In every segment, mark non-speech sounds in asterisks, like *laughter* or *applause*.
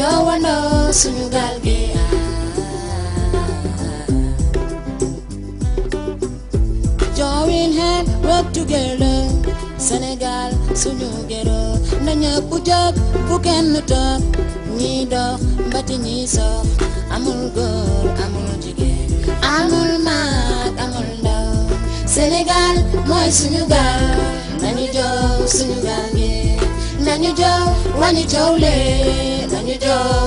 jowandoo suñu gaal gi jow in hand work together Sénégal suñu gero na ñëpp jóg bu kenn toog ñi dox mbati ñi sox amul góor amul jigéen amul mag amul ndaw Sénégal mooy suñu gaal nañu jow suñu gaal gi nañu jow wañu jow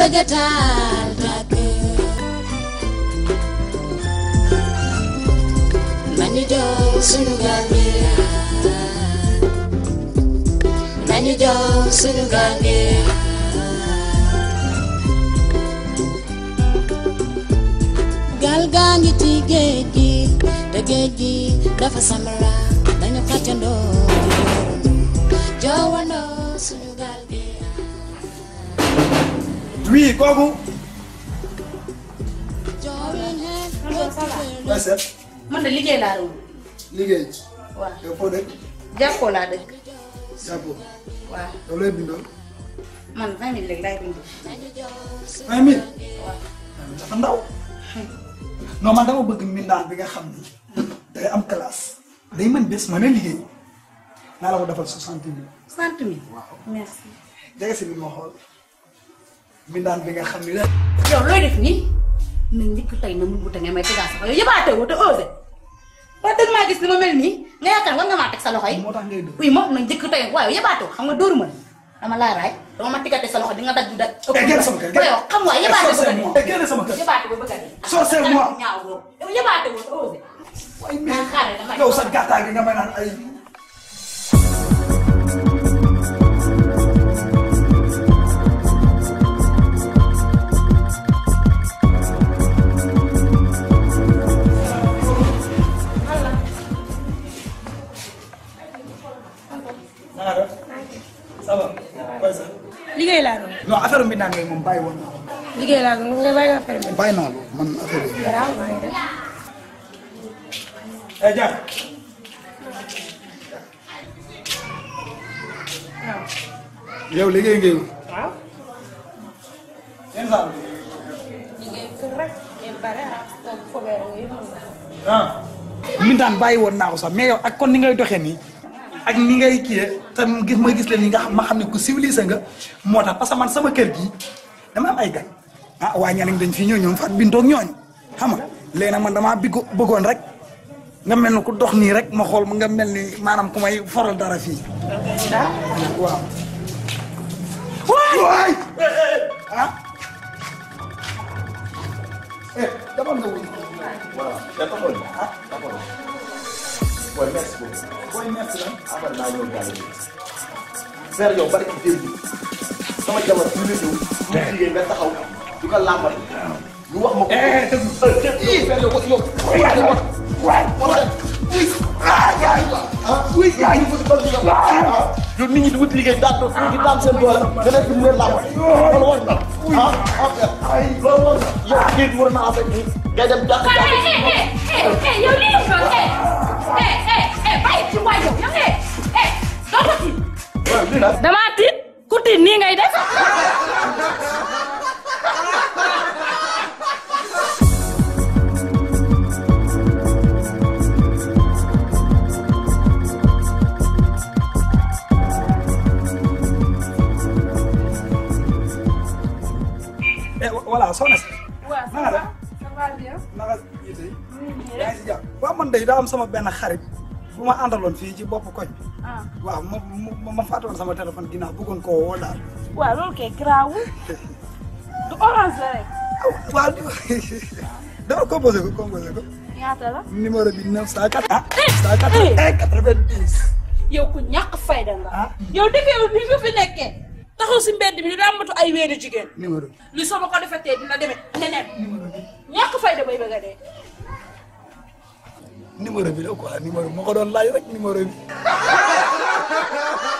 begetaatake nañu jox sunu gaal gi nañu jox sunu gaal gi gaal gaa ngi ci géej gi te géej gi dafa samra oui kooku. man de liggéey laa doon. liggéey. waaw yow foo dëkk. jàppoo laa dëkk. jàppoo. waaw yow lay bindoon. man vingt mille léegi laay bindoo. vingt mille. dafa ndaw. non dama bëgg mbindaan bi nga xam ni. day am classe. day mën des mën a liggéey. naa la ko defal soixante mille. soixante mille. waaw merci. jege si bi ma xool. mbindaan bi nga xam ne la. yow looy def nii na njëkk tey na mu wute nga may tegaat sa yow yëbaatee woo te osé wax dëgg maa gis li ma mel loxo yi. moo tax ngay dóor oui moom na njëkk tey waaye yëbaatee xam nga dóoru ma dama laa raay dama ma tiggate sa loxo di nga dagg da. Eh, génn sama kër yow xam nga yëbaatee eh, bëgg a dee. Eh, génn sama kër yëbaatee ba bëgg a dee. sorcé moi yow yëbaatee woo te osé. yow sa gàttaay gi nga may naan ay liggéey laa doon. non moom bàyyi woon naa ko. liggéey laa bàyyi naa ko man affaire bi. waaw maa ngi def. Eh, Dia. waaw. yow liggéey ngay wut. waaw. yéen saa. Ah, ah. bàyyi woon naa ko sax mais yow ak kon ni ngay doxee nii. ak ni ngay kiyee te gis ma gis len ni nga xam ma xamni ko ku civilisé nga motax parce que man sama kër gi dama am ay gan ah waa ñaning dañ fi ñoo ñoom fat bintoog ñoo xam nga man dama bëggoon rek nga mel ni ku dox ni rek ma xol nga mel ni ku may foral dara fii waaw waay Wah, dapat dong. Hah? Dapat dong. koy merci beaucoup koy merci nag après naa ñëw jàll bi Père yow barki démb sama jabar bi nga ñëw bu jigéen nga taxaw du ko làmbat ñu wax ma ko dëgg Père yow yow ah yow nit ñi di wut liggéey daan doon fii di daan seen doole nga nekk mu leen làmbat loolu war na ah ah loolu war na yow kii war naa am rek ngay dem jàkk jàkk yow lii la damaa tiit ku tiit nii ngay def voilà soxna si. waaw ça va bien. yi. man am sama benn xarit fuma andalon fi ci bop koñ ah. wa ma ma fatone sama telephone dina bëggon ko wala, wa waaw loolu kay garaawul. du orange la rek. waaw *laughs* dama composé ko composé ko. ñaata la. numéro bi 904. ah 904. Eh, eh. yow ku ñak fayda nga. Ah. yow defé wu ni fi fi nekkee. taxaw ci mbéd bi daa matu ay wéru jigen numéro lu sama ko defee tey dina démé neneen. numéro bi fayda bay bëgga dé numéro bi la quoi numéro bi ma ko doon laaj rek numéro *laughs*